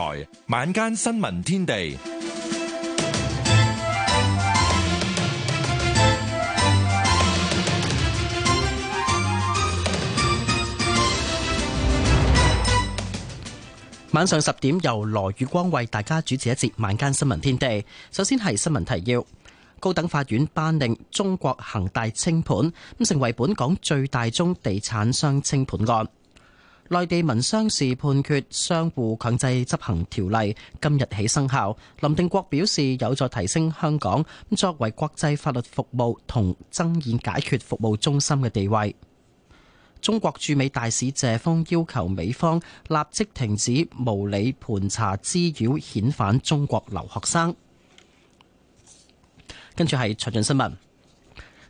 台晚間新聞天地，晚上十點由羅宇光為大家主持一節晚間新聞天地。首先係新聞提要：高等法院頒令中國恒大清盤，咁成為本港最大宗地產商清盤案。內地民商事判決相互強制執行條例今日起生效。林定國表示，有助提升香港作為國際法律服務同爭議解決服務中心嘅地位。中國駐美大使謝鋒要求美方立即停止無理盤查滋擾遣，遣返中國留學生。跟住係詳盡新聞。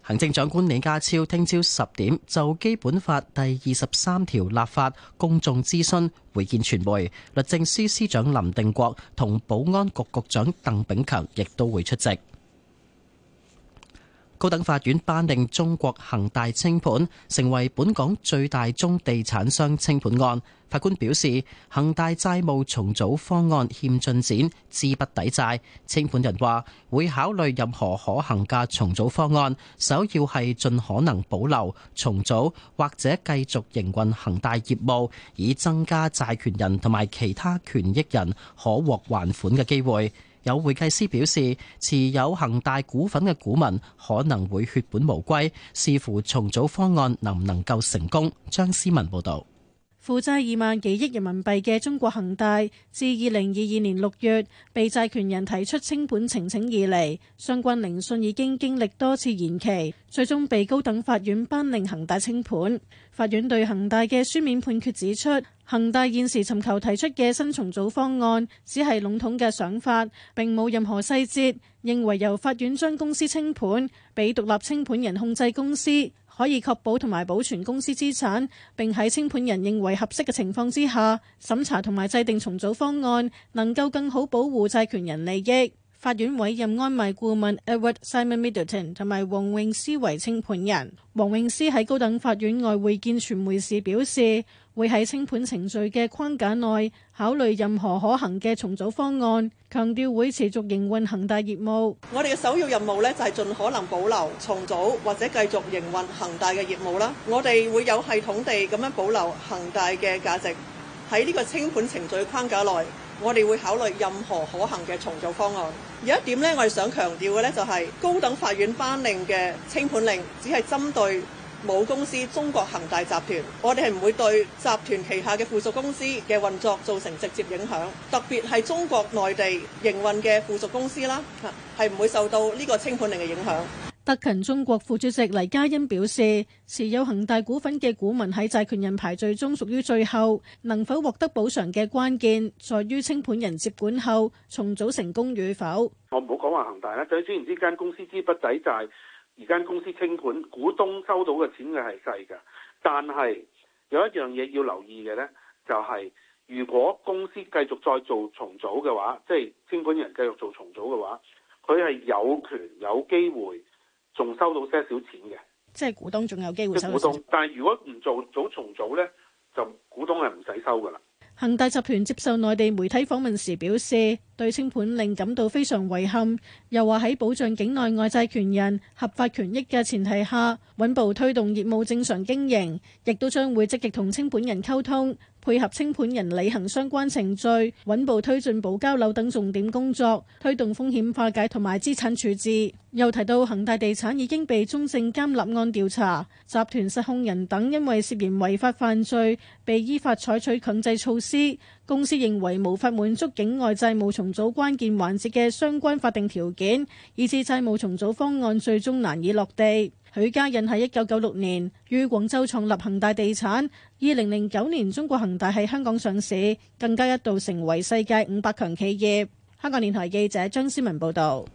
行政長官李家超聽朝十點就《基本法》第二十三條立法公眾諮詢，會見傳媒，律政司司長林定國同保安局局長鄧炳強亦都會出席。，高等法院頒令中國恒大清盤，成為本港最大宗地產商清盤案。法官表示，恒大債務重組方案欠進展，資不抵債。清盤人話會考慮任何可行嘅重組方案，首要係盡可能保留重組或者繼續營運恒大業務，以增加債權人同埋其他權益人可獲還款嘅機會。有會計師表示，持有恒大股份嘅股民可能會血本無歸，視乎重組方案能唔能夠成功。張思文報導。負債二萬幾億人民幣嘅中國恒大，自二零二二年六月被債權人提出清盤呈請以嚟，相關聆訊已經經歷多次延期，最終被高等法院頒令恒大清盤。法院對恒大嘅書面判決指出，恒大現時尋求提出嘅新重組方案只係籠統嘅想法，並冇任何細節，認為由法院將公司清盤，俾獨立清盤人控制公司。可以確保同埋保存公司資產，並喺清盤人認為合適嘅情況之下審查同埋制定重組方案，能夠更好保護債權人利益。法院委任安邁顧問 Edward Simon Middleton 同埋黃詠詩為清盤人。黃詠詩喺高等法院外會見傳媒時表示，會喺清盤程序嘅框架內考慮任何可行嘅重組方案，強調會持續營運恒大業務。我哋嘅首要任務呢，就係盡可能保留、重組或者繼續營運恒大嘅業務啦。我哋會有系統地咁樣保留恒大嘅價值喺呢個清盤程序框架內。我哋會考慮任何可行嘅重組方案。有一點咧，我哋想強調嘅咧，就係高等法院頒令嘅清盤令，只係針對母公司中國恒大集團。我哋係唔會對集團旗下嘅附屬公司嘅運作造成直接影響，特別係中國內地營運嘅附屬公司啦，係唔會受到呢個清盤令嘅影響。特勤中國副主席黎嘉欣表示，持有恒大股份嘅股民喺債權人排序中屬於最後，能否獲得補償嘅關鍵，在於清盤人接管後重組成功與否。我唔好講話恒大啦，即係雖然呢間公司資不抵債，而間公司清盤，股東收到嘅錢嘅係細嘅，但係有一樣嘢要留意嘅呢，就係如果公司繼續再做重組嘅話，即係清盤人繼續做重組嘅話，佢係有權有機會，仲收到些少錢嘅，即係股東仲有機會收到錢。但係如果唔做早重組咧，就股東係唔使收噶啦。恒大集團接受內地媒體訪問時表示。對清盤令感到非常遺憾，又話喺保障境內外債權人合法權益嘅前提下，穩步推動業務正常經營，亦都將會積極同清盤人溝通，配合清盤人履行相關程序，穩步推進保交樓等重點工作，推動風險化解同埋資產處置。又提到恒大地產已經被中證監立案調查，集團實控人等因為涉嫌違法犯罪，被依法採取強制措施。公司認為無法滿足境外債務重組關鍵環節嘅相關法定條件，以致債務重組方案最終難以落地。許家印喺一九九六年於廣州創立恒大地產，二零零九年中國恒大喺香港上市，更加一度成為世界五百強企業。香港電台記者張思文報導。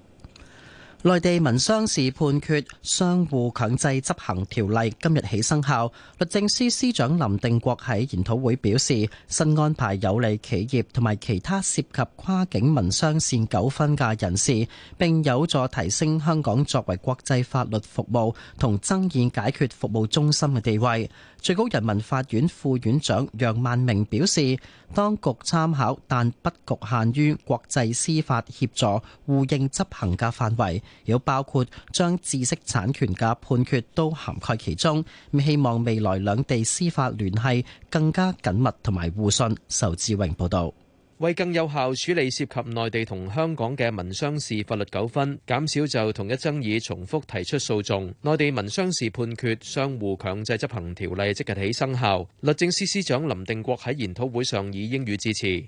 內地民商事判決相互強制執行條例今日起生效，律政司司長林定國喺研討會表示，新安排有利企業同埋其他涉及跨境民商事糾紛嘅人士，並有助提升香港作為國際法律服務同爭議解決服務中心嘅地位。最高人民法院副院長楊萬明表示，當局參考，但不局限於國際司法協助互認執行嘅範圍。有包括將知識產權嘅判決都涵蓋其中，希望未來兩地司法聯繫更加緊密同埋互信。仇志榮報導，為更有效處理涉及內地同香港嘅民商事法律糾紛，減少就同一爭議重複提出訴訟，內地民商事判決相互強制執行條例即日起生效。律政司司長林定國喺研討會上以英語致辭。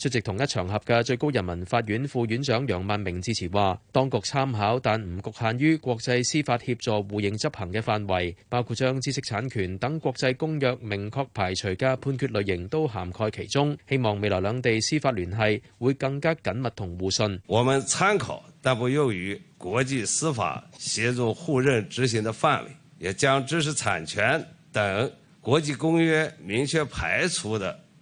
出席同一場合嘅最高人民法院副院長楊萬明致辭話：「當局參考，但唔局限於國際司法協助互認執行嘅範圍，包括將知識產權等國際公約明確排除嘅判決類型都涵蓋其中。希望未來兩地司法聯繫會更加緊密同互信。」我們參考，但不用於國際司法協助互認執行的範圍，也將知識產權等國際公約明確排除的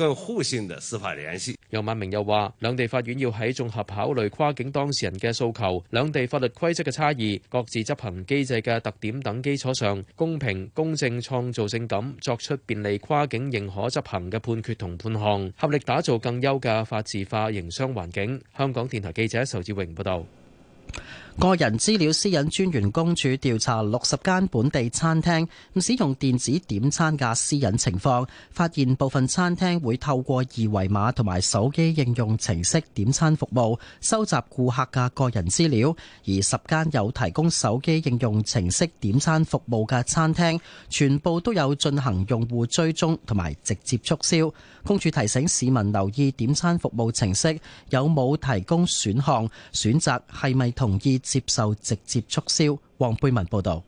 更互性嘅司法聯繫，楊萬明又話，兩地法院要喺綜合考慮跨境當事人嘅訴求、兩地法律規則嘅差異，各自執行機制嘅特點等基礎上，公平公正創造性咁作出便利跨境認可執行嘅判決同判項，合力打造更優嘅法治化營商環境。香港電台記者仇志榮報道。個人資料私隱專員公署調查六十間本地餐廳，使用電子點餐嘅私隱情況，發現部分餐廳會透過二維碼同埋手機應用程式點餐服務，收集顧客嘅個人資料。而十間有提供手機應用程式點餐服務嘅餐廳，全部都有進行用戶追蹤同埋直接促銷。公署提醒市民留意點餐服務程式有冇提供選項、選擇，係咪同意接受直接促銷？黃貝文報導。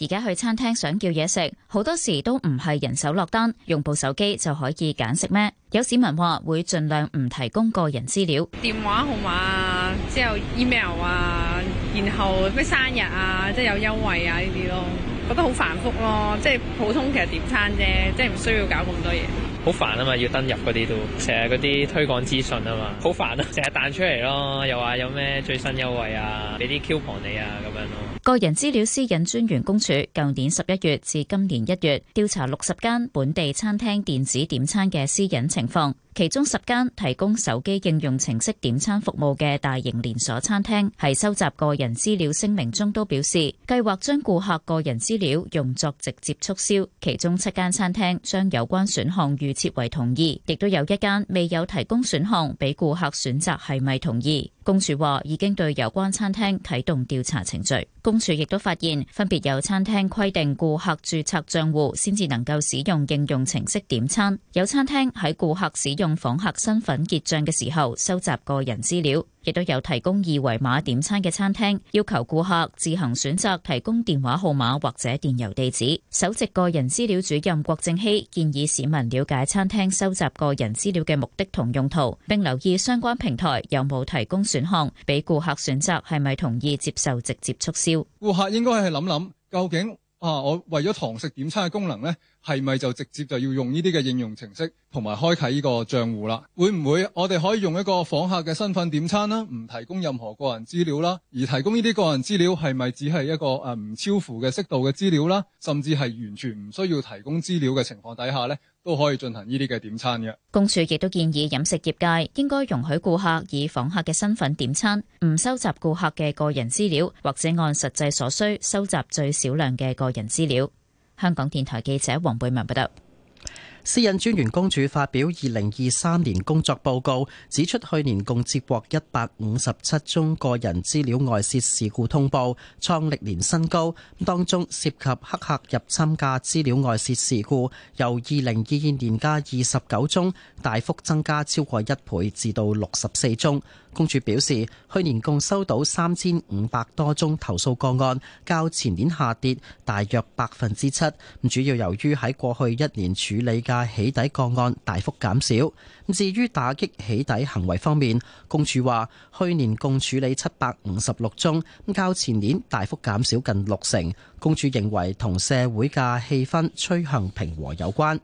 而家去餐廳想叫嘢食，好多時都唔係人手落單，用部手機就可以揀食咩？有市民話會盡量唔提供個人資料、電話號碼之後 email 啊，然後咩生日啊，即係有優惠啊呢啲咯，覺得好繁複咯，即係普通其實點餐啫，即係唔需要搞咁多嘢。好煩啊嘛，要登入嗰啲都成日嗰啲推廣資訊啊嘛，好煩啊，成日彈出嚟咯，又話有咩最新優惠啊，俾啲 coupon 你啊咁樣咯。個人資料私隱專員公署舊年十一月至今年一月調查六十間本地餐廳電子點餐嘅私隱情況。其中十間提供手機應用程式點餐服務嘅大型連鎖餐廳，喺收集個人資料聲明中都表示，計劃將顧客個人資料用作直接促銷。其中七間餐廳將有關選項預設為同意，亦都有一間未有提供選項俾顧客選擇係咪同意。公署話已經對有關餐廳啟動調查程序。公署亦都發現，分別有餐廳規定顧客注冊賬戶先至能夠使用應用程式點餐，有餐廳喺顧客使用。訪客身份結賬嘅時候收集個人資料，亦都有提供二維碼點餐嘅餐廳，要求顧客自行選擇提供電話號碼或者電郵地址。首席個人資料主任郭正熙建議市民了解餐廳收集個人資料嘅目的同用途，並留意相關平台有冇提供選項俾顧客選擇係咪同意接受直接促銷。顧客應該係諗諗究竟啊，我為咗堂食點餐嘅功能呢？係咪就直接就要用呢啲嘅應用程式，同埋開啟呢個賬戶啦？會唔會我哋可以用一個訪客嘅身份點餐啦？唔提供任何個人資料啦，而提供呢啲個人資料係咪只係一個誒唔超乎嘅適度嘅資料啦？甚至係完全唔需要提供資料嘅情況底下呢，都可以進行呢啲嘅點餐嘅。公署亦都建議飲食業界應該容許顧客以訪客嘅身份點餐，唔收集顧客嘅個人資料，或者按實際所需收集最少量嘅個人資料。香港電台記者王貝文報道，私隱專員公署發表二零二三年工作報告，指出去年共接獲一百五十七宗個人資料外泄事故通報，創歷年新高。當中涉及黑客入侵嘅資料外泄事故，由二零二二年嘅二十九宗，大幅增加超過一倍，至到六十四宗。公署表示，去年共收到三千五百多宗投訴個案，較前年下跌大約百分之七。咁主要由於喺過去一年處理嘅起底個案大幅減少。至於打擊起底行為方面，公署話去年共處理七百五十六宗，較前年大幅減少近六成。公署認為同社會嘅氣氛趨向平和有關。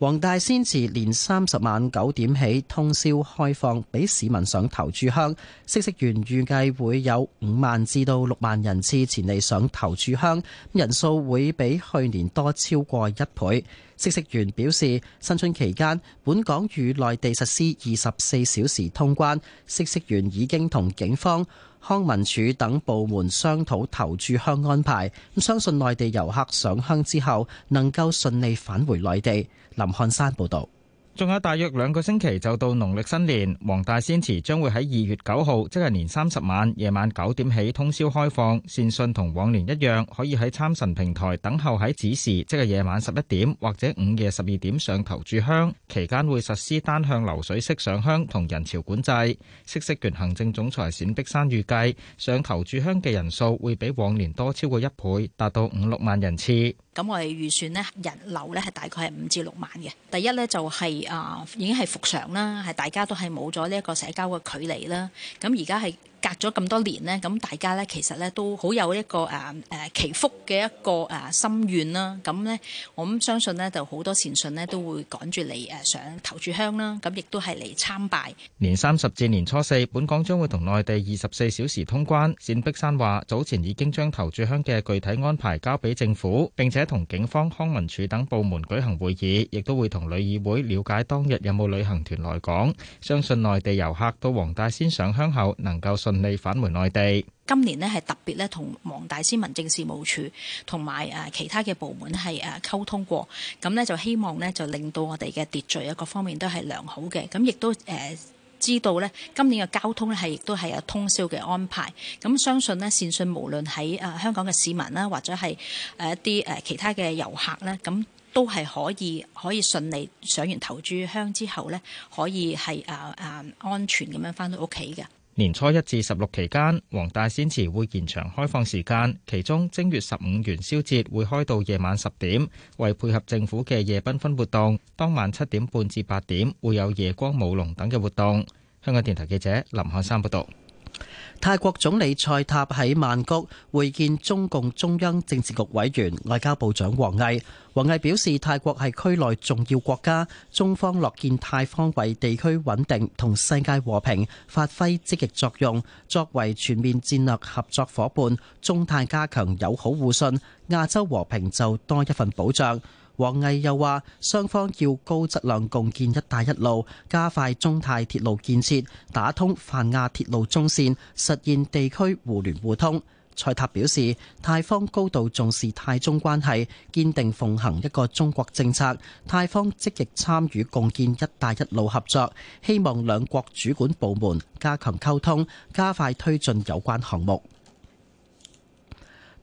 黃大仙祠年三十晚九點起通宵開放，俾市民上頭炷香。嗇色園預計會有五萬至到六萬人次前嚟上頭炷香，人數會比去年多超過一倍。嗇色園表示，新春期間本港與內地實施二十四小時通關，嗇色園已經同警方、康文署等部門商討頭炷香安排，相信內地遊客上香之後能夠順利返回內地。林漢山報道，仲有大約兩個星期就到農曆新年，黃大仙祠將會喺二月九號，即係年三十晚，夜晚九點起通宵開放。善信同往年一樣，可以喺參神平台等候喺子時，即係夜晚十一點或者午夜十二點上頭柱香。期間會實施單向流水式上香同人潮管制。嗇色券行政總裁冼碧山預計，上頭柱香嘅人數會比往年多超過一倍，達到五六萬人次。咁我哋預算呢人流呢係大概係五至六萬嘅。第一呢就係、是、啊、呃、已經係復常啦，大家都係冇咗呢一個社交嘅距離啦。咁而家係。隔咗咁多年咧，咁大家咧其實咧都好有一個誒誒祈福嘅一個誒心願啦。咁咧，我咁相信咧就好多前信咧都會趕住嚟誒上頭炷香啦。咁亦都係嚟參拜。年三十至年初四，本港將會同內地二十四小時通關。冼碧山話，早前已經將頭炷香嘅具體安排交俾政府，並且同警方、康文署等部門舉行會議，亦都會同旅議會了解當日有冇旅行團來港。相信內地遊客到黃大仙上香後，能夠順順利返回內地。今年咧係特別咧，同黃大仙民政事務處同埋誒其他嘅部門係誒溝通過，咁呢就希望呢，就令到我哋嘅秩序啊，各方面都係良好嘅。咁亦都誒知道呢，今年嘅交通咧係亦都係有通宵嘅安排。咁相信呢，善信無論喺誒香港嘅市民啦，或者係誒一啲誒其他嘅遊客呢，咁都係可以可以順利上完頭炷香之後呢，可以係誒誒安全咁樣翻到屋企嘅。年初一至十六期間，黃大仙祠會延長開放時間，其中正月十五元宵節會開到夜晚十點。為配合政府嘅夜繽紛活動，當晚七點半至八點會有夜光舞龍等嘅活動。香港電台記者林漢山報道。泰國總理蔡塔喺曼谷會見中共中央政治局委員、外交部長王毅。王毅表示，泰國係區內重要國家，中方樂見泰方為地區穩定同世界和平發揮積極作用。作為全面戰略合作伙伴，中泰加強友好互信，亞洲和平就多一份保障。王毅又話：雙方要高質量共建“一帶一路”，加快中泰鐵路建設，打通泛亞鐵路中線，實現地區互聯互通。蔡塔表示，泰方高度重視泰中關係，堅定奉行一個中國政策，泰方積極參與共建“一帶一路”合作，希望兩國主管部門加強溝通，加快推進有關項目。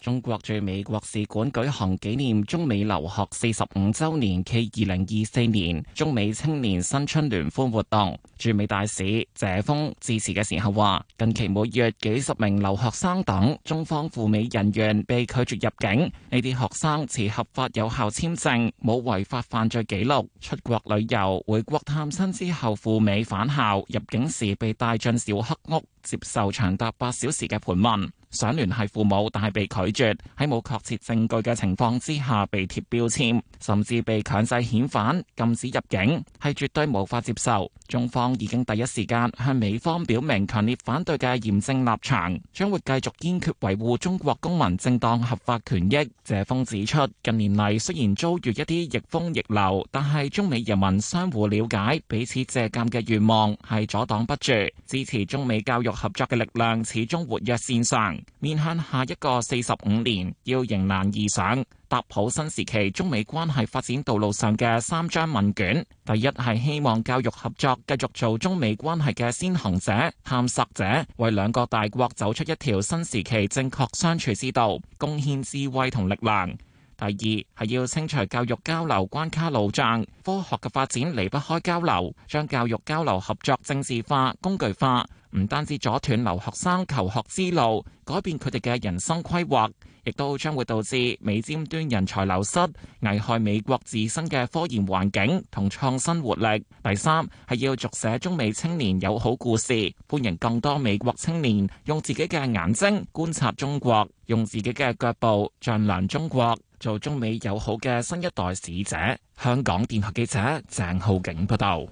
中國駐美國使館舉行紀念中美留學四十五周年暨二零二四年中美青年新春聯歡活動。駐美大使謝鋒致辭嘅時候話，近期每月幾十名留學生等中方赴美人員被拒絕入境，呢啲學生持合法有效簽證，冇違法犯罪記錄，出國旅遊、回國探親之後赴美返校，入境時被帶進小黑屋，接受長達八小時嘅盤問。想聯繫父母，但係被拒絕；喺冇確切證據嘅情況之下被貼標籤，甚至被強制遣返、禁止入境，係絕對無法接受。中方已經第一時間向美方表明強烈反對嘅嚴正立場，將會繼續堅決維護中國公民正當合法權益。謝鋒指出，近年嚟雖然遭遇一啲逆風逆流，但係中美人民相互了解、彼此借鑑嘅願望係阻擋不住，支持中美教育合作嘅力量始終活躍線上。面向下一個四十五年，要迎難而上，答好新時期中美關係發展道路上嘅三張問卷。第一係希望教育合作繼續做中美關係嘅先行者、探索者，為兩個大國走出一條新時期正確相處之道，貢獻智慧同力量。第二係要清除教育交流關卡路障，科學嘅發展離不開交流，將教育交流合作政治化、工具化，唔單止阻斷留學生求學之路，改變佢哋嘅人生規劃，亦都將會導致美尖端人才流失，危害美國自身嘅科研環境同創新活力。第三，係要續寫中美青年友好故事，歡迎更多美國青年用自己嘅眼睛觀察中國，用自己嘅腳步丈量中國，做中美友好嘅新一代使者。香港電台記者鄭浩景報道。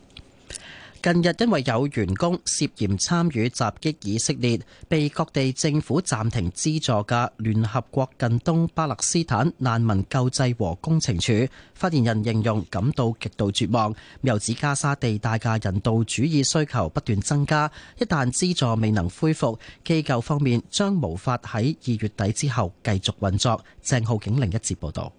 近日因為有員工涉嫌參與襲擊以色列，被各地政府暫停資助嘅聯合國近東巴勒斯坦難民救濟和工程處發言人形容感到極度絕望，由此加沙地帶嘅人道主義需求不斷增加，一旦資助未能恢復，機構方面將無法喺二月底之後繼續運作。鄭浩景另一節報道。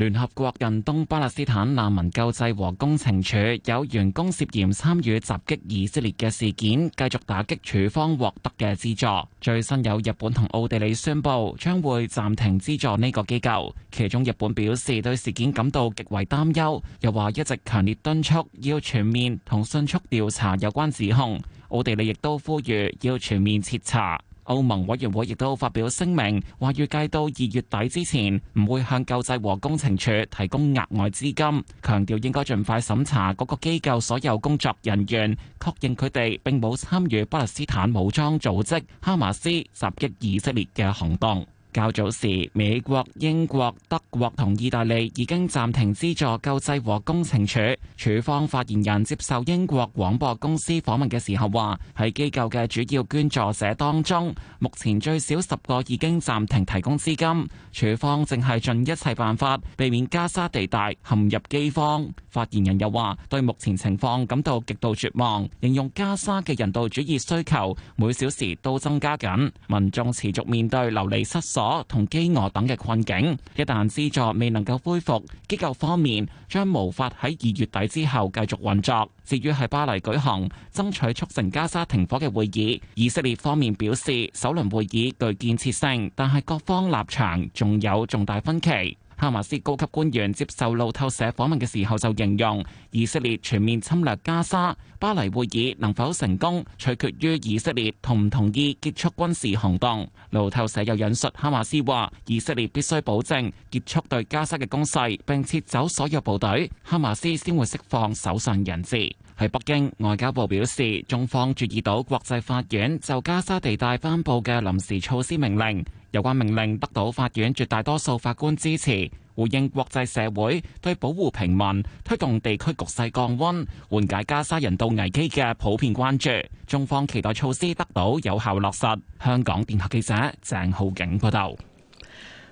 聯合國近東巴勒斯坦難民救濟和工程署有員工涉嫌參與襲擊以色列嘅事件，繼續打擊處方獲得嘅資助。最新有日本同奧地利宣布將會暫停資助呢個機構，其中日本表示對事件感到極為擔憂，又話一直強烈敦促要全面同迅速調查有關指控。奧地利亦都呼籲要全面徹查。歐盟委員會亦都發表聲明，話預計到二月底之前唔會向救濟和工程處提供額外資金，強調應該盡快審查各個機構所有工作人員，確認佢哋並冇參與巴勒斯坦武裝組織哈馬斯襲擊以色列嘅行動。較早時，美國、英國、德國同意大利已經暫停資助救濟和工程處。處方發言人接受英國廣播公司訪問嘅時候話：喺機構嘅主要捐助者當中，目前最少十個已經暫停提供資金。處方正係盡一切辦法避免加沙地帶陷入饑荒。發言人又話：對目前情況感到極度絕望，形容加沙嘅人道主義需求每小時都增加緊，民眾持續面對流離失所，同饑餓等嘅困境，一旦資助未能夠恢復，機構方面將無法喺二月底之後繼續運作。至於喺巴黎舉行爭取促成加沙停火嘅會議，以色列方面表示首輪會議具建設性，但係各方立場仲有重大分歧。哈馬斯高級官員接受路透社訪問嘅時候就形容，以色列全面侵略加沙，巴黎會議能否成功，取決於以色列同唔同意結束軍事行動。路透社又引述哈馬斯話，以色列必須保證結束對加沙嘅攻勢，並撤走所有部隊，哈馬斯先會釋放手上人質。喺北京，外交部表示，中方注意到國際法院就加沙地帶頒布嘅臨時措施命令，有關命令得到法院絕大多數法官支持，回應國際社會對保護平民、推動地區局勢降溫、緩解加沙人道危機嘅普遍關注，中方期待措施得到有效落實，香港電台記者鄭浩景報道。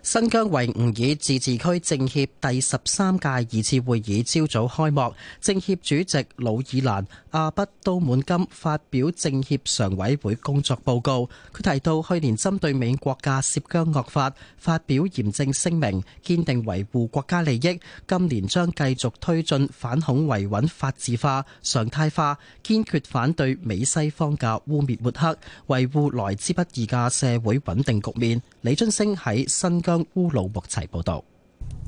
新疆維吾爾自治區政協第十三屆二次會議朝早開幕，政協主席努爾蘭阿不都滿金發表政協常委會工作報告。佢提到去年針對美國嘅涉疆惡法發表嚴正聲明，堅定維護國家利益。今年將繼續推進反恐維穩法治化、常態化，堅決反對美西方嘅污衊抹黑，維護來之不易嘅社會穩定局面。李尊星喺新疆烏魯木齊報道。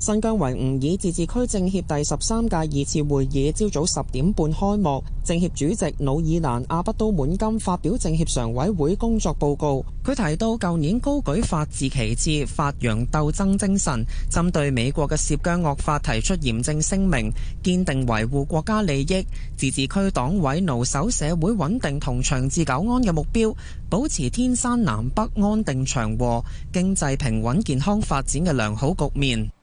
新疆維吾爾自治區政協第十三屆二次會議朝早十點半開幕，政協主席努爾蘭阿不都滿金發表政協常委會工作報告。佢提到，舊年高舉法治旗幟，發揚鬥爭精神，針對美國嘅涉疆惡法提出嚴正聲明，堅定維護國家利益。自治區黨委牢守社會穩定同長治久安嘅目標，保持天山南北安定祥和、經濟平穩健康發展嘅良好局面。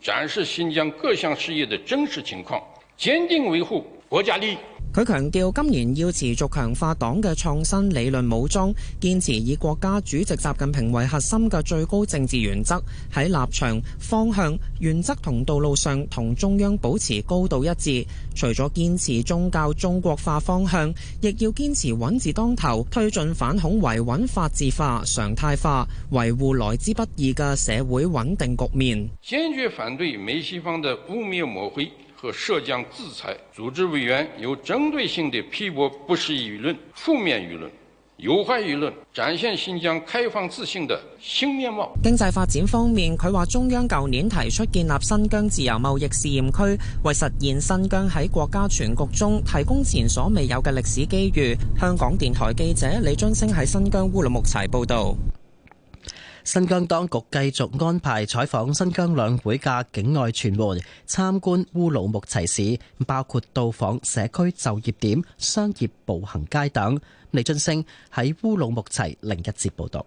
展示新疆各項事業的真實情況，堅定維護國家利益。佢強調，今年要持續強化黨嘅創新理論武裝，堅持以國家主席習近平為核心嘅最高政治原則，喺立場、方向、原則同道路上同中央保持高度一致。除咗堅持宗教中國化方向，亦要堅持穩字當頭，推進反恐維穩法治化、常態化，維護來之不易嘅社會穩定局面。堅決反對美西方嘅污和涉疆制裁，組織委員有針對性的批駁不實輿論、負面輿論、有害輿論，展現新疆開放自信的新面貌。經濟發展方面，佢話中央舊年提出建立新疆自由貿易試驗區，為實現新疆喺國家全局中提供前所未有嘅歷史機遇。香港電台記者李津星喺新疆烏魯木齊報道。新疆當局繼續安排採訪新疆兩會嘅境外傳媒參觀烏魯木齊市，包括到訪社區就業點、商業步行街等。李俊星喺烏魯木齊另一節報道。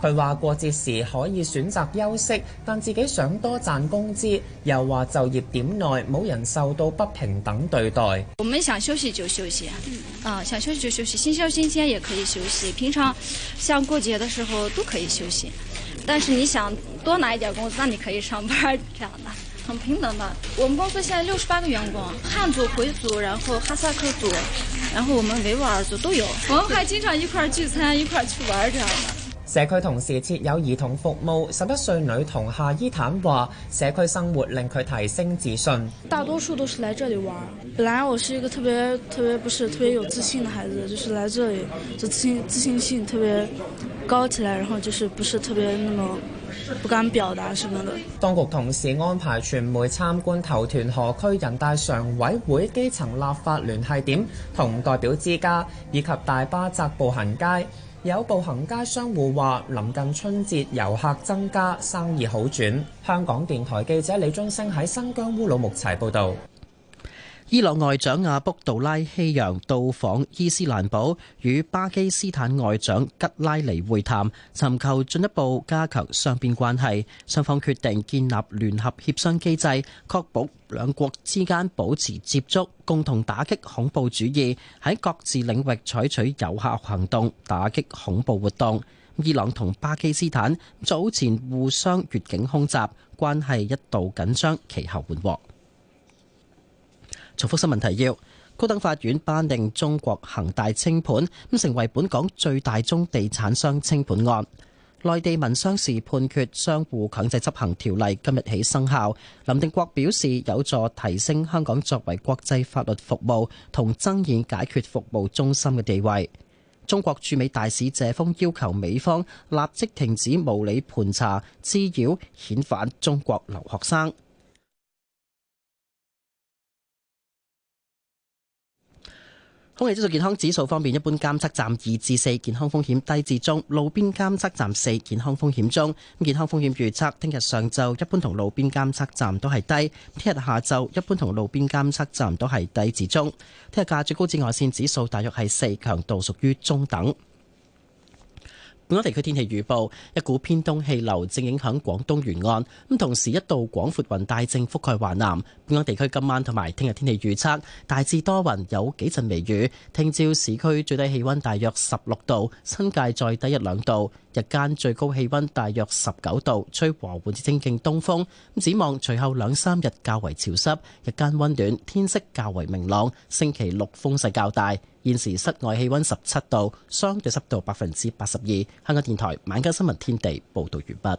佢話過節時可以選擇休息，但自己想多賺工資，又話就業點內冇人受到不平等對待。我們想休息就休息，嗯，想休息就休息，星期六星期天也可以休息。平常像過節的時候都可以休息，但是你想多拿一點工資，那你可以上班，這樣的很平等的。我們公司現在六十八個員工，漢族、回族，然後哈薩克族，然後我們維吾爾族都有。我們還經常一塊聚餐，一塊去玩，這樣的。社區同時設有兒童服務。十一歲女童夏伊坦話：社區生活令佢提升自信。大多數都是來這裡玩。本來我是一個特別特別不是特別有自信的孩子，就是來這裡就自信自信心特別高起來，然後就是不是特別那麼不敢表達什麼的。當局同時安排傳媒參觀頭屯河區人大常委會基層立法聯繫點同代表之家，以及大巴扎步行街。有步行街商戶話，臨近春節遊客增加，生意好轉。香港電台記者李忠星喺新疆烏魯木齊報道。伊朗外長阿卜杜拉希揚到訪伊斯蘭堡，與巴基斯坦外長吉拉尼會談，尋求進一步加強雙邊關係。雙方決定建立聯合協商機制，確保兩國之間保持接觸，共同打擊恐怖主義，喺各自領域採取有效行動，打擊恐怖活動。伊朗同巴基斯坦早前互相越境空襲，關係一度緊張，其後緩和。重複新聞提要：高等法院頒令中國恒大清盤，咁成為本港最大宗地產商清盤案。內地民商事判決相互強制執行條例今日起生效。林定國表示有助提升香港作為國際法律服務同爭議解決服務中心嘅地位。中國駐美大使謝鋒要求美方立即停止無理盤查滋擾遣返中國留學生。空氣質素健康指數方面，一般監測站二至四，健康風險低至中；路邊監測站四，健康風險中。健康風險預測，聽日上晝一般同路邊監測站都係低；聽日下晝一般同路邊監測站都係低至中。聽日嘅最高紫外線指數大約係四，強度屬於中等。本港地區天氣預報：一股偏東氣流正影響廣東沿岸，咁同時一道廣闊雲帶正覆蓋華南。本港地區今晚同埋聽日天氣預測，大致多雲，有幾陣微雨。聽朝市區最低氣温大約十六度，新界再低一兩度。日間最高氣温大約十九度，吹和緩至清勁東風。咁展望隨後兩三日較為潮濕，日間温暖，天色較為明朗。星期六風勢較大。現時室外氣温十七度，相對濕度百分之八十二。香港電台晚間新聞天地報道完畢。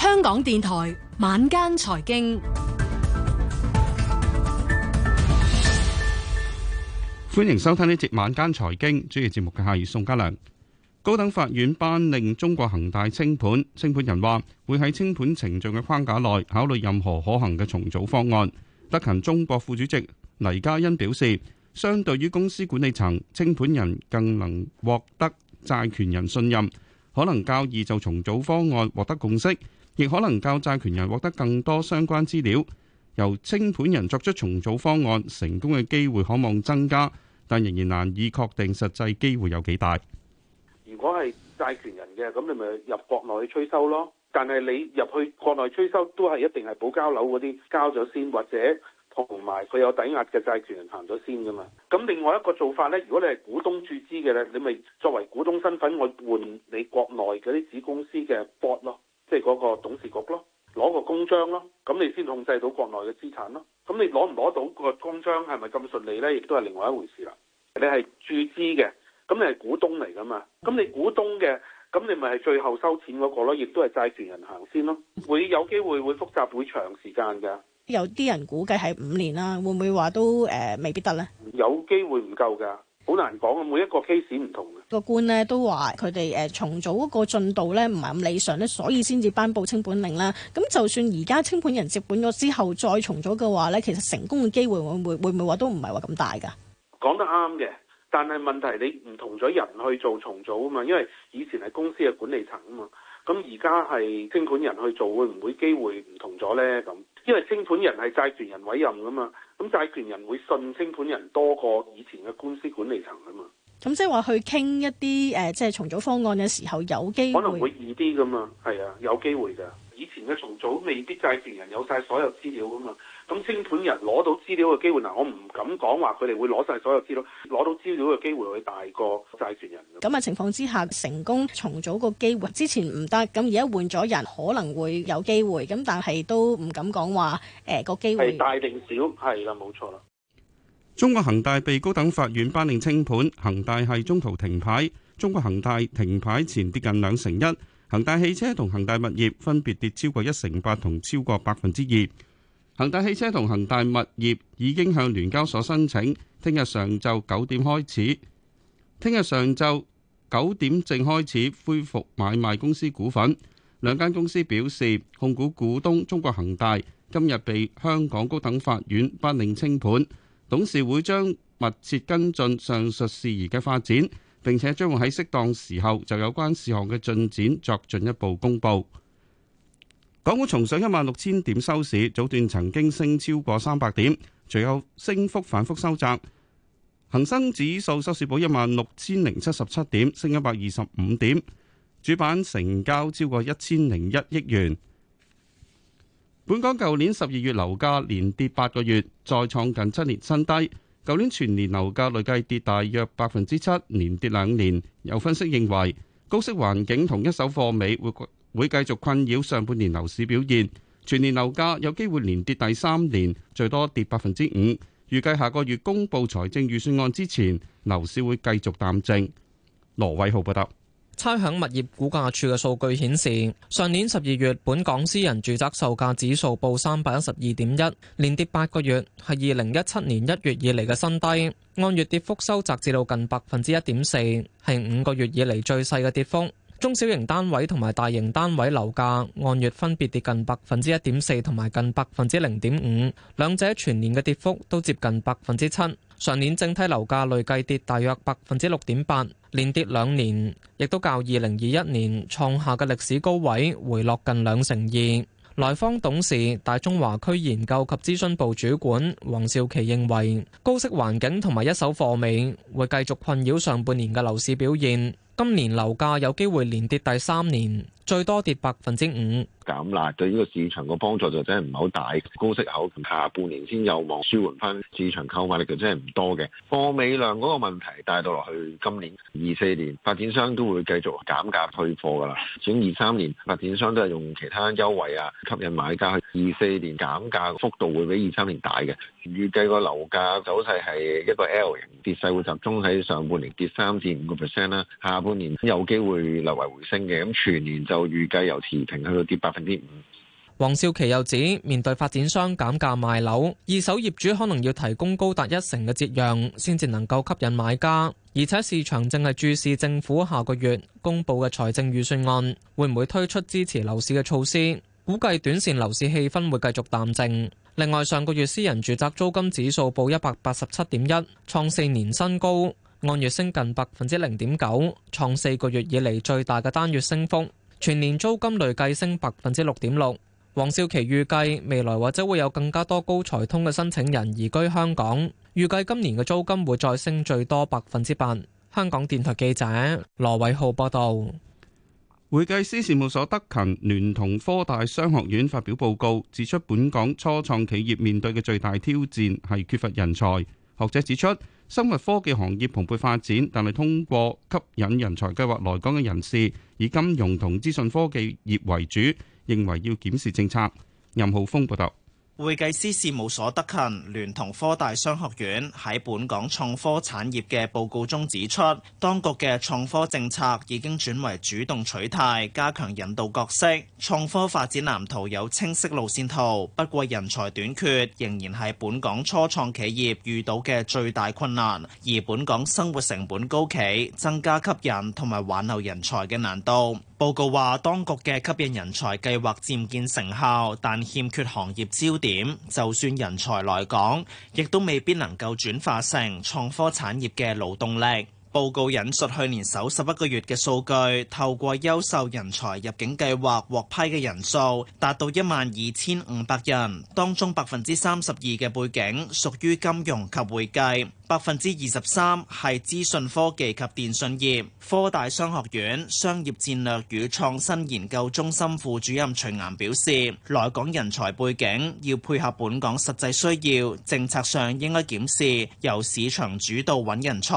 香港電台晚間財經，歡迎收聽呢節晚間財經，主持節目嘅係宋家良。高等法院頒令中國恒大清盤，清盤人話會喺清盤程序嘅框架內考慮任何可行嘅重組方案。德勤中國副主席，黎家欣表示，相對於公司管理層，清盤人更能獲得債權人信任，可能較易就重組方案獲得共識，亦可能較債權人獲得更多相關資料，由清盤人作出重組方案成功嘅機會可望增加，但仍然難以確定實際機會有幾大。如果係債權人嘅，咁你咪入國內去催收咯。但係你入去國內催收，都係一定係補交樓嗰啲交咗先，或者。同埋佢有抵押嘅債權人行咗先噶嘛？咁另外一個做法呢，如果你係股東注資嘅呢，你咪作為股東身份去換你國內嘅啲子公司嘅 board 咯，即係嗰個董事局咯，攞個公章咯，咁你先控制到國內嘅資產咯。咁你攞唔攞到個公章係咪咁順利呢？亦都係另外一回事啦。你係注資嘅，咁你係股東嚟噶嘛？咁你股東嘅，咁你咪係最後收錢嗰個咯，亦都係債權人行先咯。會有機會會複雜，會長時間㗎。有啲人估計係五年啦、啊，會唔會話都誒、呃、未必得咧？有機會唔夠㗎，好難講啊！每一個 case 唔同嘅，個官咧都話佢哋誒重組嗰個進度咧唔係咁理想咧，所以先至頒布清本令啦。咁就算而家清盤人接盤咗之後再重組嘅話咧，其實成功嘅機會會唔會會唔會話都唔係話咁大㗎？講得啱嘅，但係問題你唔同咗人去做重組啊嘛，因為以前係公司嘅管理層啊嘛，咁而家係清盤人去做，會唔會機會唔同咗咧？咁因為清盤人係債權人委任噶嘛，咁債權人會信清盤人多過以前嘅公司管理層噶嘛。咁即係話去傾一啲誒，即、呃、係、就是、重組方案嘅時候有，有機會可能會易啲噶嘛，係啊，有機會噶。以前嘅重組未必債權人有曬所有資料㗎嘛，咁清盤人攞到資料嘅機會嗱，我唔敢講話佢哋會攞曬所有資料，攞到資料嘅機會會大過債權人。咁嘅情況之下，成功重組個機會之前唔得，咁而家換咗人可能會有機會，咁但係都唔敢講話誒個機會係大定少，係啦，冇錯啦。中國恒大被高等法院頒令清盤，恒大係中途停牌。中國恒大停牌前跌近兩成一。恒大汽車同恒大物業分別跌超過一成八同超過百分之二。恒大汽車同恒大物業已經向聯交所申請，聽日上晝九點開始，聽日上晝九點正開始恢復買賣公司股份。兩間公司表示，控股股東中國恒大今日被香港高等法院頒令清盤，董事會將密切跟進上述事宜嘅發展。並且將會喺適當時候就有關事項嘅進展作進一步公布。港股重上一萬六千點收市，早段曾經升超過三百點，隨後升幅反覆收窄。恒生指數收市報一萬六千零七十七點，升一百二十五點。主板成交超過一千零一億元。本港舊年十二月樓價連跌八個月，再創近七年新低。舊年全年樓價累計跌大約百分之七，連跌兩年。有分析認為，高息環境同一手貨尾會會繼續困擾上半年樓市表現，全年樓價有機會連跌第三年，最多跌百分之五。預計下個月公布財政預算案之前，樓市會繼續淡靜。羅偉浩報道。差餉物業估價署嘅數據顯示，上年十二月本港私人住宅售價指數報三百一十二點一，連跌八個月，係二零一七年一月以嚟嘅新低。按月跌幅收窄至到近百分之一點四，係五個月以嚟最細嘅跌幅。中小型單位同埋大型單位樓價按月分別跌近百分之一點四同埋近百分之零點五，兩者全年嘅跌幅都接近百分之七。上年整體樓價累計跌大約百分之六點八。連跌兩年，亦都較二零二一年創下嘅歷史高位回落近兩成二。來方董事大中華區研究及諮詢部主管黃少琪認為，高息環境同埋一手貨尾會繼續困擾上半年嘅樓市表現，今年樓價有機會連跌第三年。最多跌百分之五，減辣對呢個市場個幫助就真係唔係好大。高息口下半年先有望舒緩翻市場購買力，就真係唔多嘅。貨尾量嗰個問題帶到落去今年二四年，發展商都會繼續減價退貨噶啦。至於二三年發展商都係用其他優惠啊吸引買家去。二四年減價幅度會比二三年大嘅。預計個樓價走勢係一個 L 型跌勢，會集中喺上半年跌三至五個 percent 啦，下半年有機會略為回升嘅。咁全年就。就預計由持平去到跌百分之五。黃少琪又指，面對發展商減價賣樓，二手業主可能要提供高達一成嘅折讓，先至能夠吸引買家。而且市場正係注視政府下個月公布嘅財政預算案，會唔會推出支持樓市嘅措施？估計短線樓市氣氛會繼續淡靜。另外，上個月私人住宅租金指數報一百八十七點一，創四年新高，按月升近百分之零點九，創四個月以嚟最大嘅單月升幅。全年租金累計升百分之六點六，黃少琪預計未來或者會有更加多高才通嘅申請人移居香港，預計今年嘅租金會再升最多百分之八。香港電台記者羅偉浩報道。會計師事務所德勤聯同科大商學院發表報告，指出本港初創企業面對嘅最大挑戰係缺乏人才。學者指出，生物科技行業蓬勃發展，但係通過吸引人才計劃來港嘅人士，以金融同資訊科技業為主，認為要檢視政策。任浩峰報導。會計師事務所德勤聯同科大商學院喺本港創科產業嘅報告中指出，當局嘅創科政策已經轉為主動取態，加強引導角色。創科發展藍圖有清晰路線圖，不過人才短缺仍然係本港初創企業遇到嘅最大困難，而本港生活成本高企，增加吸引同埋挽留人才嘅難度。報告話，當局嘅吸引人才計劃漸見成效，但欠缺行業焦點，就算人才來港，亦都未必能夠轉化成創科產業嘅勞動力。報告引述去年首十一個月嘅數據，透過優秀人才入境計劃獲批嘅人數達到一萬二千五百人，當中百分之三十二嘅背景屬於金融及會計。百分之二十三係資訊科技及電信業。科大商學院商業戰略與創新研究中心副主任徐岩表示：來港人才背景要配合本港實際需要，政策上應該檢視由市場主導揾人才，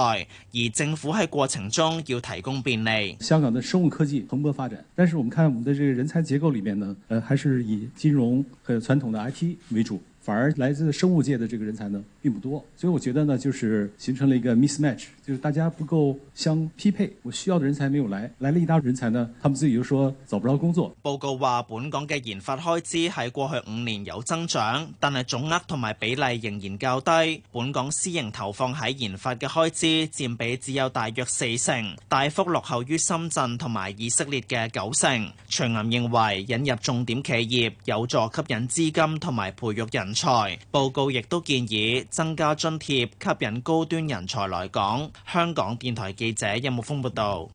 而政府喺過程中要提供便利。香港嘅生物科技蓬勃發展，但是我們看，看我們的這個人才結構裡面呢，呃，還是以金融和傳統的 IT 為主。反而來自生物界的這個人才呢，并不多，所以我覺得呢，就是形成了一個 mismatch，就是大家不夠相匹配。我需要的人才沒有來，來了一大堆人才呢，他們自己就說找不著工作。報告話，本港嘅研發開支喺過去五年有增長，但係總額同埋比例仍然較低。本港私營投放喺研發嘅開支佔比只有大約四成，大幅落後於深圳同埋以色列嘅九成。徐岩認為引入重點企業有助吸引資金同埋培育人。財報告亦都建議增加津貼，吸引高端人才來港。香港電台記者任木峯報道。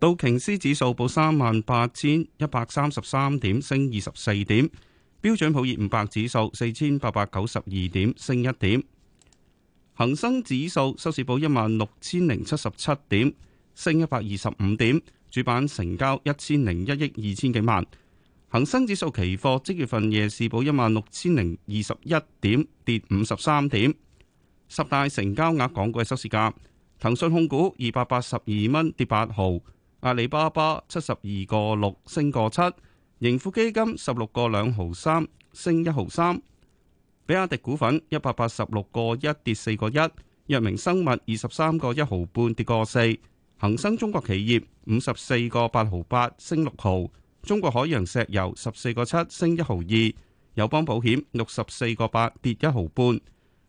道瓊斯指數報三萬八千一百三十三點，升二十四點。標準普爾五百指數四千八百九十二點，升一點。恒生指數收市報一萬六千零七十七點，升一百二十五點。主板成交一千零一億二千幾萬。恒生指數期貨即月份夜市報一萬六千零二十一點，跌五十三點。十大成交額港股嘅收市價：騰訊控股二百八十二蚊，跌八毫；阿里巴巴七十二個六，升個七；盈富基金十六個兩毫三，升一毫三；比亞迪股份一百八十六個一，跌四個一；藥明生物二十三個一毫半，跌個四；恒生中國企業五十四個八毫八，升六毫。中國海洋石油十四個七升一毫二，友邦保險六十四個八跌一毫半，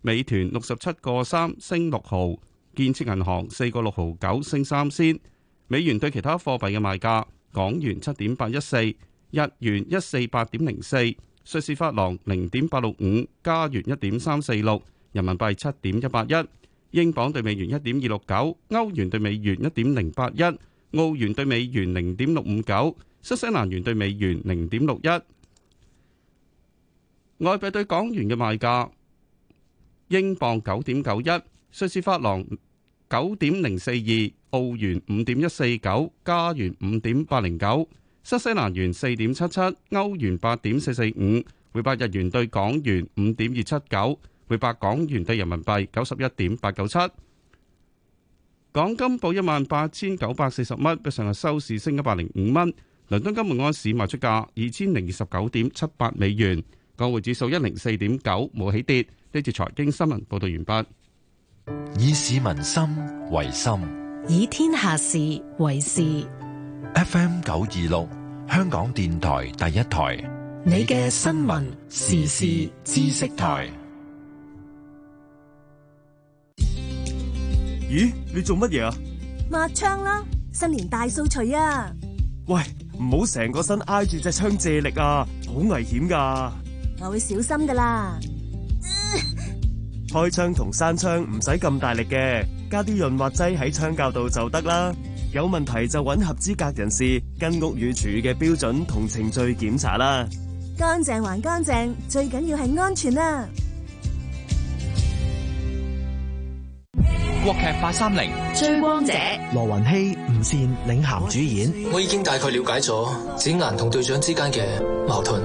美團六十七個三升六毫，建設銀行四個六毫九升三仙。美元對其他貨幣嘅賣價：港元七點八一四，日元一四八點零四，瑞士法郎零點八六五，加元一點三四六，人民幣七點一八一，英鎊兌美元一點二六九，歐元兌美元一點零八一，澳元兌美元零點六五九。新西蘭元對美元零點六一，外幣對港元嘅賣價，英鎊九點九一，瑞士法郎九點零四二，澳元五點一四九，加元五點八零九，新西蘭元四點七七，歐元八點四四五，每百日元對港元五點二七九，每百港元對人民幣九十一點八九七，港金報一萬八千九百四十蚊，比上日收市升一百零五蚊。倫敦金安市賣出價二千零二十九點七八美元，港匯指數一零四點九冇起跌。呢節財經新聞報道完畢。以市民心為心，以天下事為事。F M 九二六，香港電臺第一台。你嘅新聞時事知識台。時事知識台。咦？你做乜嘢啊？抹窗啦，新年大掃除啊！喂。唔好成個身挨住隻窗借力啊，好危險噶，啊！我會小心噶啦。 開窗同閂窗唔使咁大力嘅，加啲潤滑劑喺窗鉸度就得啦。有問題就搵合資格人士，跟屋宇署嘅標準同程序檢查啦。乾淨還乾淨，最緊要係安全啦，啊。國劇八三零追光者，羅雲熙、吳倩領銜主演。我已經大概了解咗展顏同隊長之間嘅矛盾。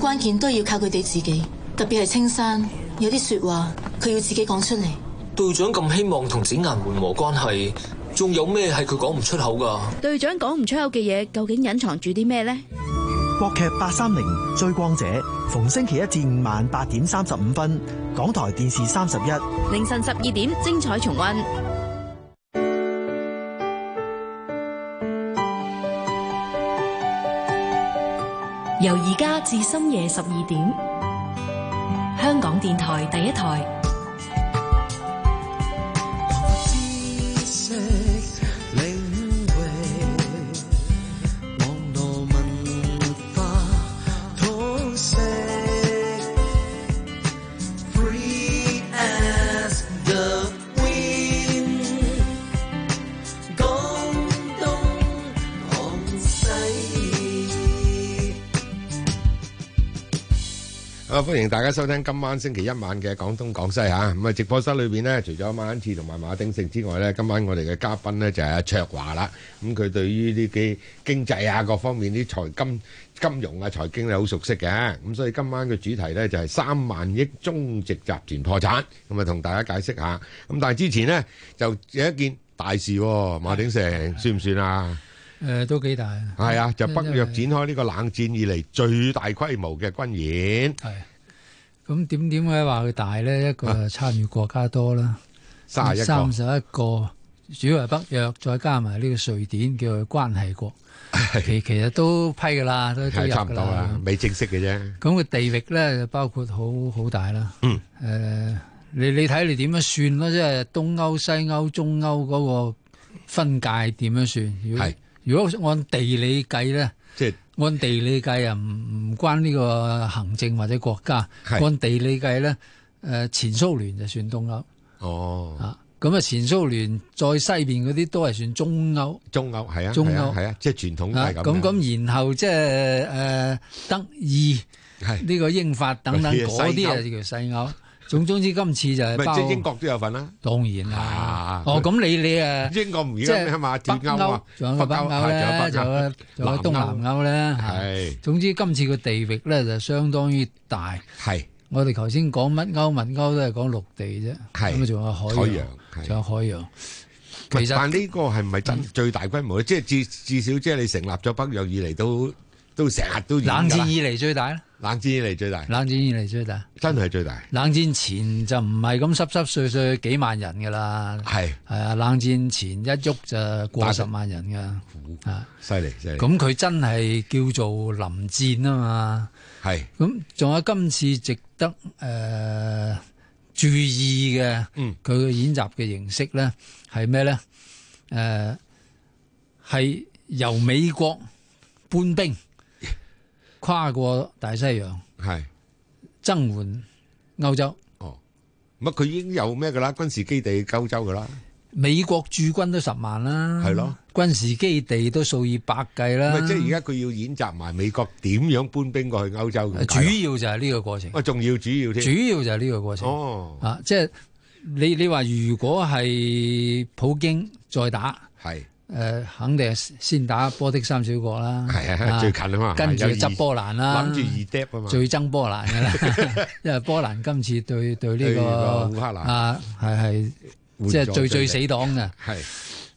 關鍵都要靠佢哋自己，特別係青山，有啲說話佢要自己講出嚟。隊長咁希望同展顏緩和關係，仲有咩係佢講唔出口㗎？隊長講唔出口嘅嘢，究竟隱藏住啲咩呢？國劇《八三零追光者》逢星期一至五晚八點三十五分，港台電視三十一，凌晨十二點精彩重温。由而家至深夜十二點，香港電台第一台。歡迎大家收聽今晚星期一晚嘅廣東廣西吓，咁啊！直播室裏邊咧，除咗馬恩賜同埋馬鼎盛之外咧，今晚我哋嘅嘉賓咧就係阿卓華啦。咁佢對於呢啲經濟啊各方面，啲財金金融啊財經係好熟悉嘅。咁所以今晚嘅主題咧就係三萬億中植集團破產，咁啊，同大家解釋下。咁但係之前咧，就有一件大事，馬鼎盛算唔算啊？誒，都幾大啊！係啊，就北約展開呢個冷戰以嚟，最大規模嘅軍演。係。咁點點解話佢大咧？一個參與國家多啦，啊、三十一個，三十一個主要係北約，再加埋呢個瑞典叫做關係國，哎、呀其其實都批噶啦，都入噶啦。差唔多啦，未正式嘅啫。咁個地域咧就包括好好大啦。嗯。呃、你你睇你點樣算咯？即係東歐、西歐、中歐嗰個分界點樣算？如果是如果按地理計咧，即係。按地理計啊，唔唔關呢個行政或者國家。按是地理計咧，誒、呃、前蘇聯就算東歐。哦，嚇咁啊！前蘇聯再西邊嗰啲都係算中歐。中歐係啊，中歐係歐啊，即係傳統咁。咁、啊、然後即係誒德意呢個英法等等嗰啲就叫西歐。西歐總總之今次就係，唔係即係英國都有份啦。當然啦，哦咁你你誒，英國唔而家咩啊嘛？北歐啊，北北歐咧，仲有東南歐咧。係，總之今次個地域咧就相當於大。係，我哋頭先講乜歐乜歐都係講陸地啫。係，咁啊仲有海洋，仲有海洋。其實但呢個係唔係真最大規模？即係至至少即係你成立咗北洋以嚟都都成日都。冷戰以嚟最大咧。冷戰以嚟最大，冷戰以嚟最大，真係最大。冷戰前就唔係咁濕濕碎碎碎幾萬人噶啦，係係啊，冷戰前一喐就過十萬人噶，啊正，犀利是，真咁佢真係叫做臨戰啊嘛，係是。咁仲有今次值得誒、呃、注意嘅，佢嘅、嗯、演習嘅形式咧係咩咧？誒，係、呃、由美國搬兵。跨過大西洋，係，增援歐洲。哦，乜佢已經有咩噶啦？軍事基地喺歐洲噶啦，美國駐軍都十萬啦，係咯，軍事基地都數以百計啦。咪即係而家佢要演習埋美國點樣搬兵過去歐洲？主要就係呢個過程。喂、啊，仲要主要添。主要就係呢個過程。哦，啊，即係你你話如果係普京再打，係。誒，肯定係先打波的三小國啦，係啊，最近啊嘛，啊跟住執波蘭啦，諗住二啊嘛，最憎波蘭㗎啦， 因為波蘭今次對對呢、這個，烏克蘭啊係係即係最最死黨嘅。